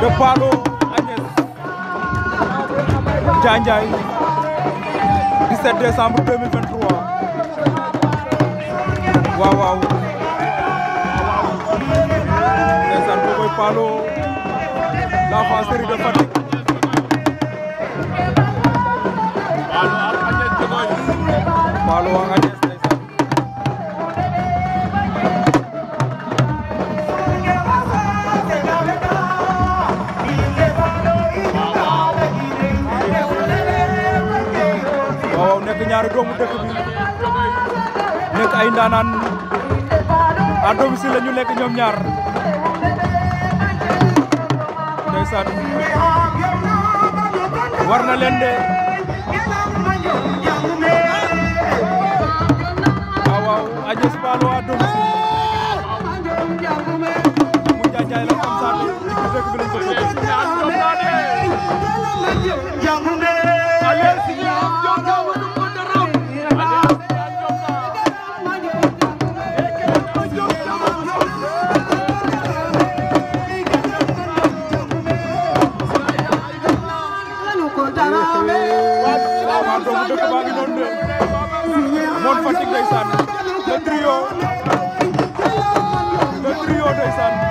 de Paalo Agnès Njaay Njaay 17 décembre 2023 waaw waaw ndeysaan boo koy Paalo la fanserie de Fatick Paalo ak Agnès Paalo ak Agnès ñaari doomu dëkk bi nekk ay ndaanaan à domicile la ñu nekk ñoom ñaar war na leen de waaw waaw Agnès Mballo ngi doon dem moon le trio le trio ndeysaan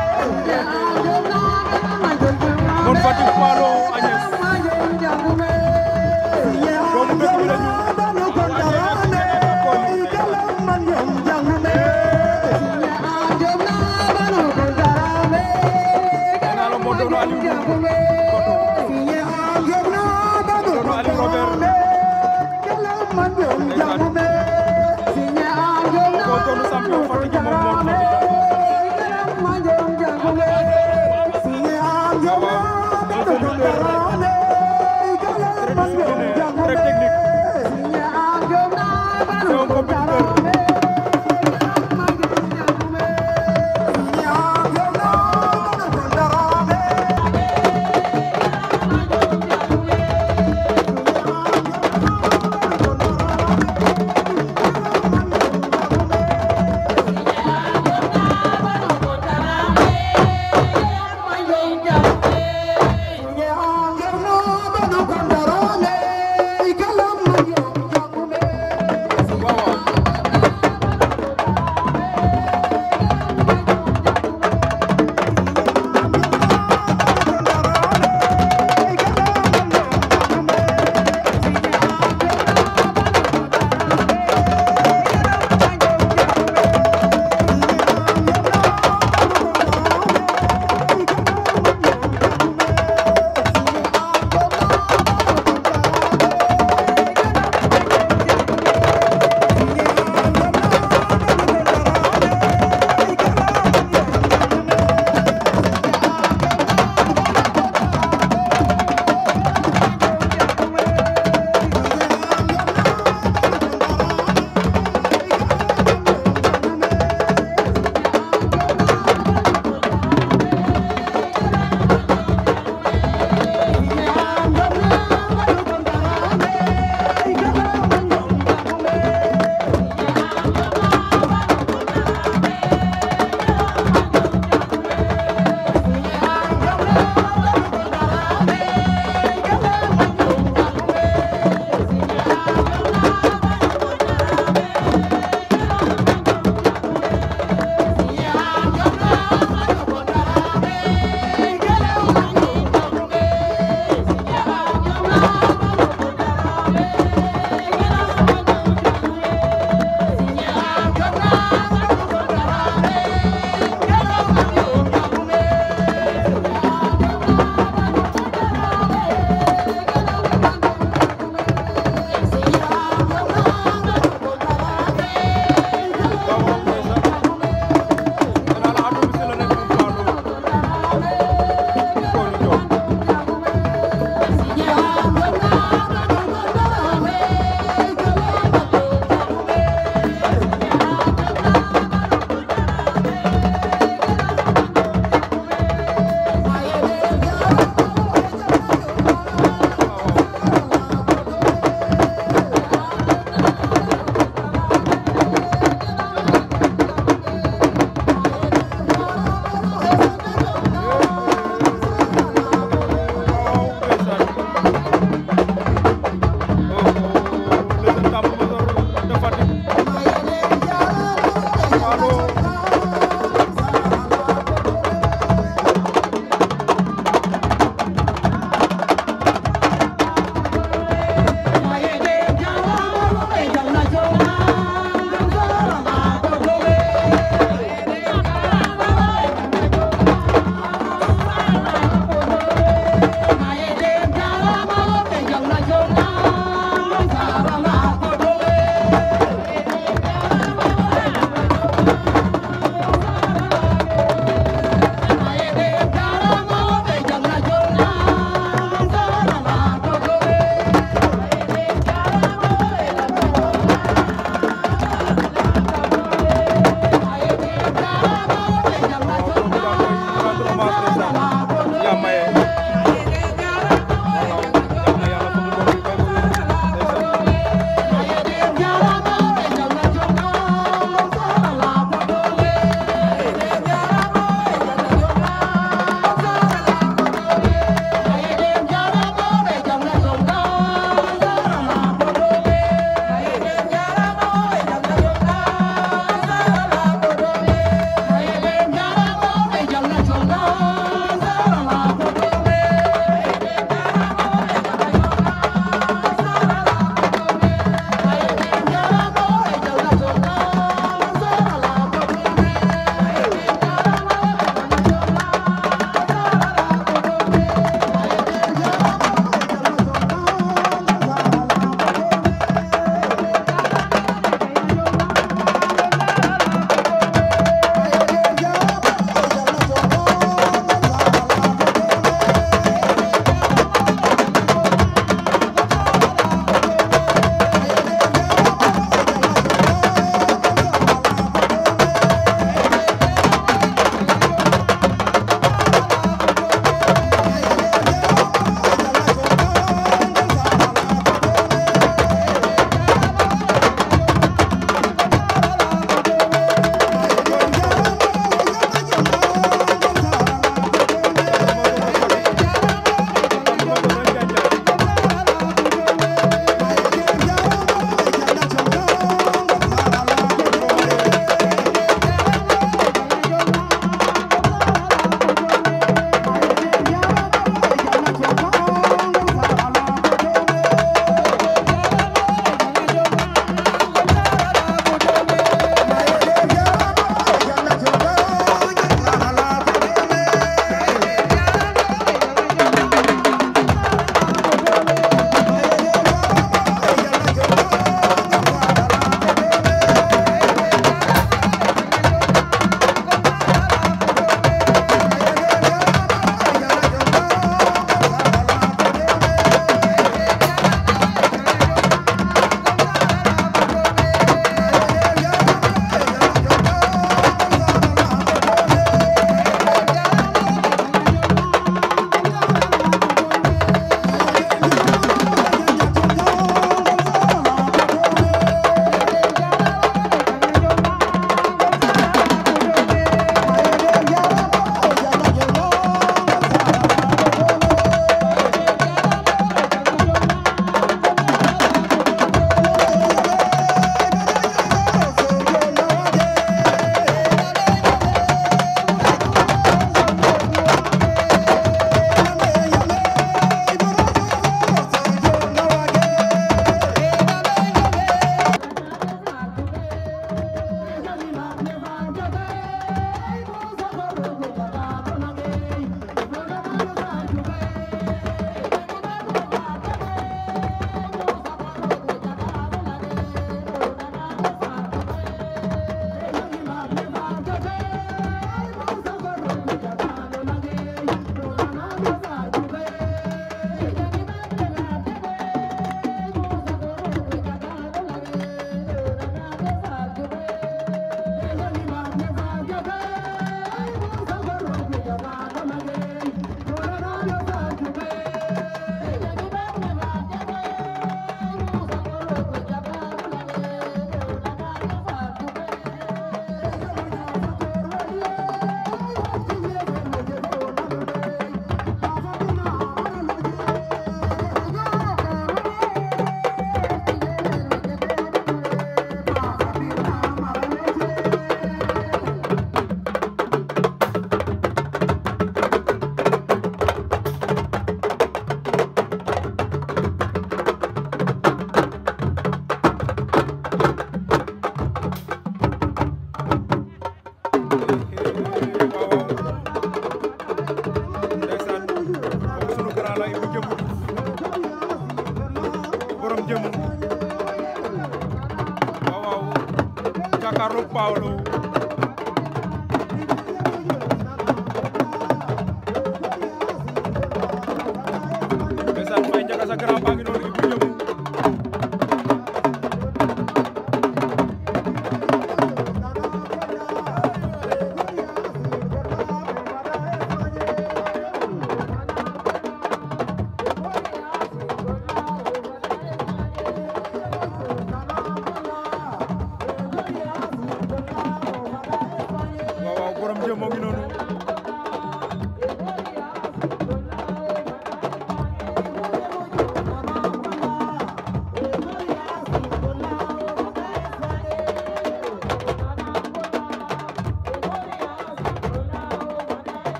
no, no.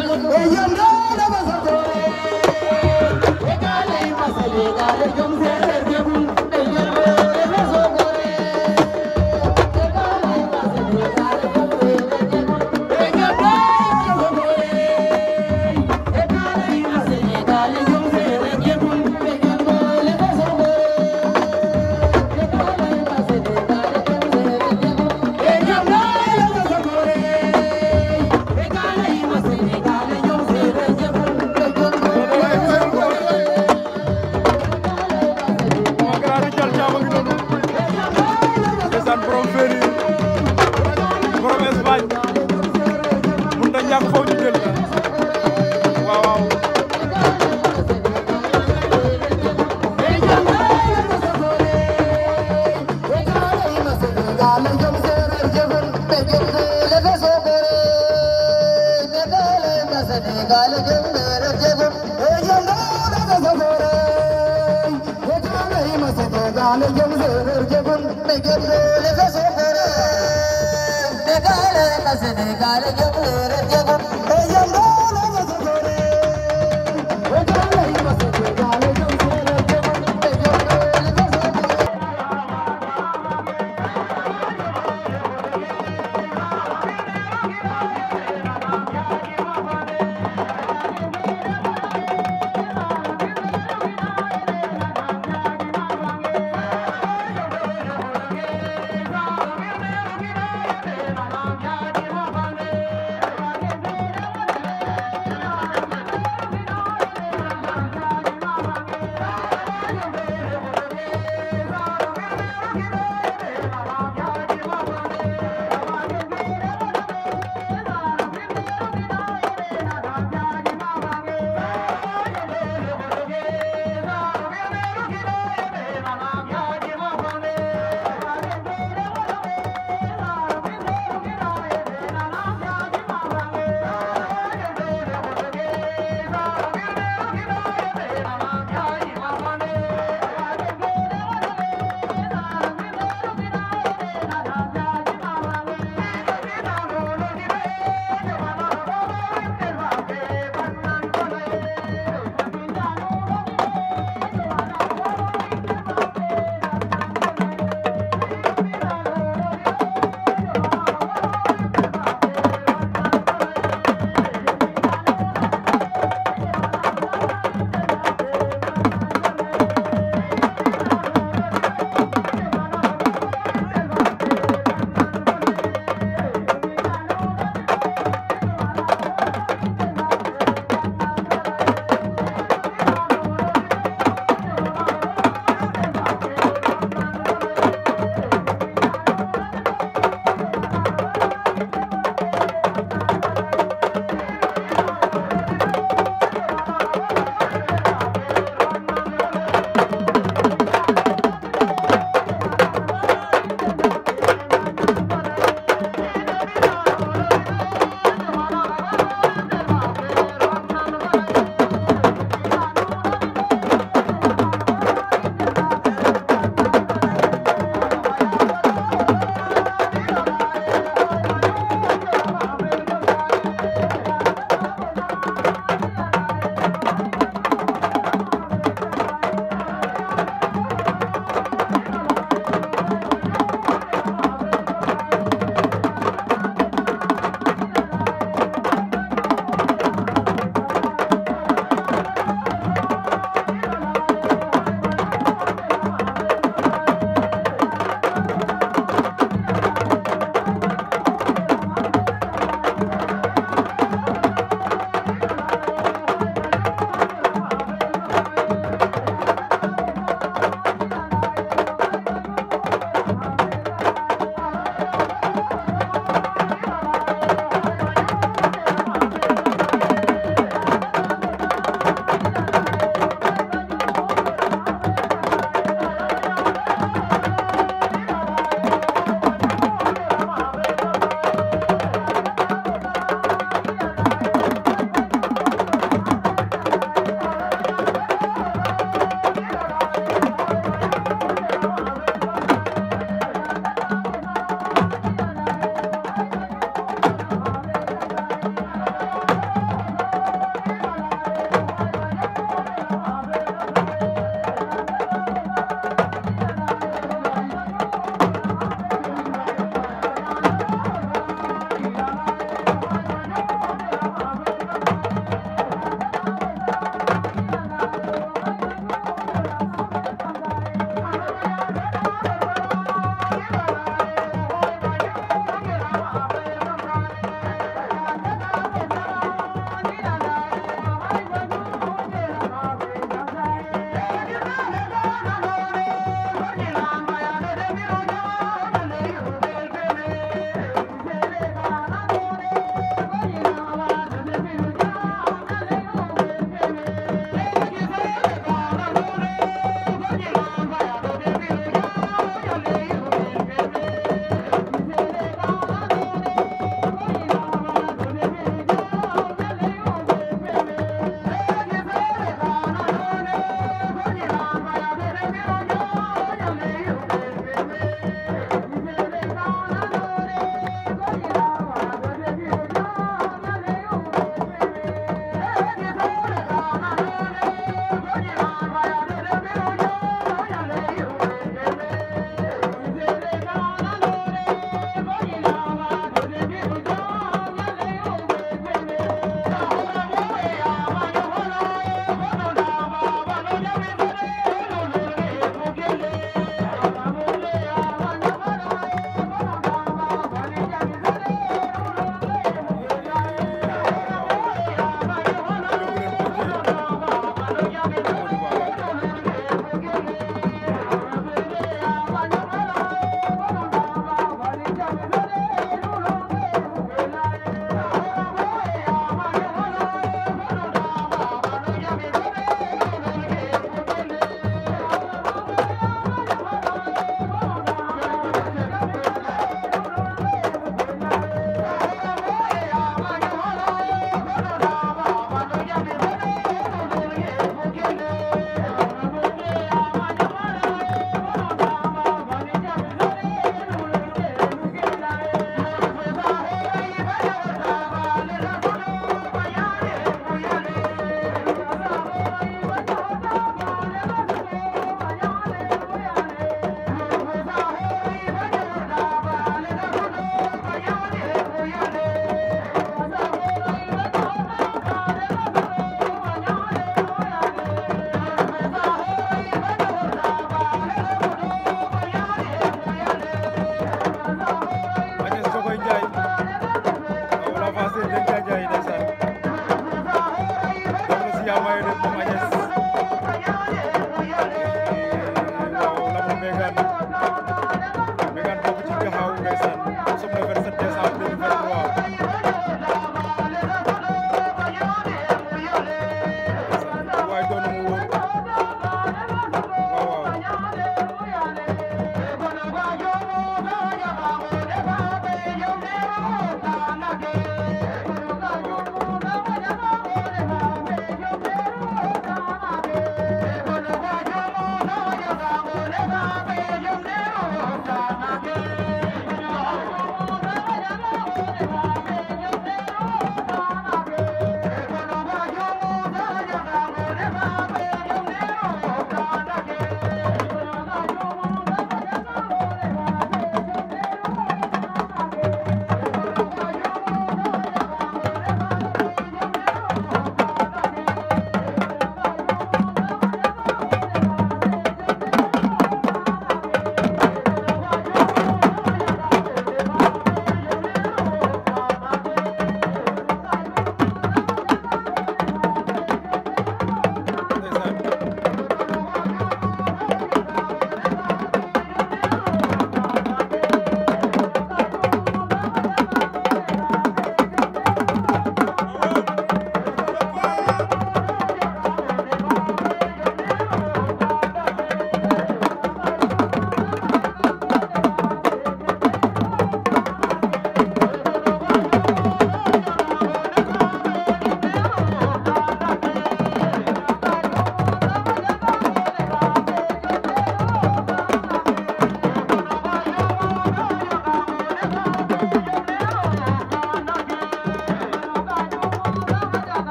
Gracias.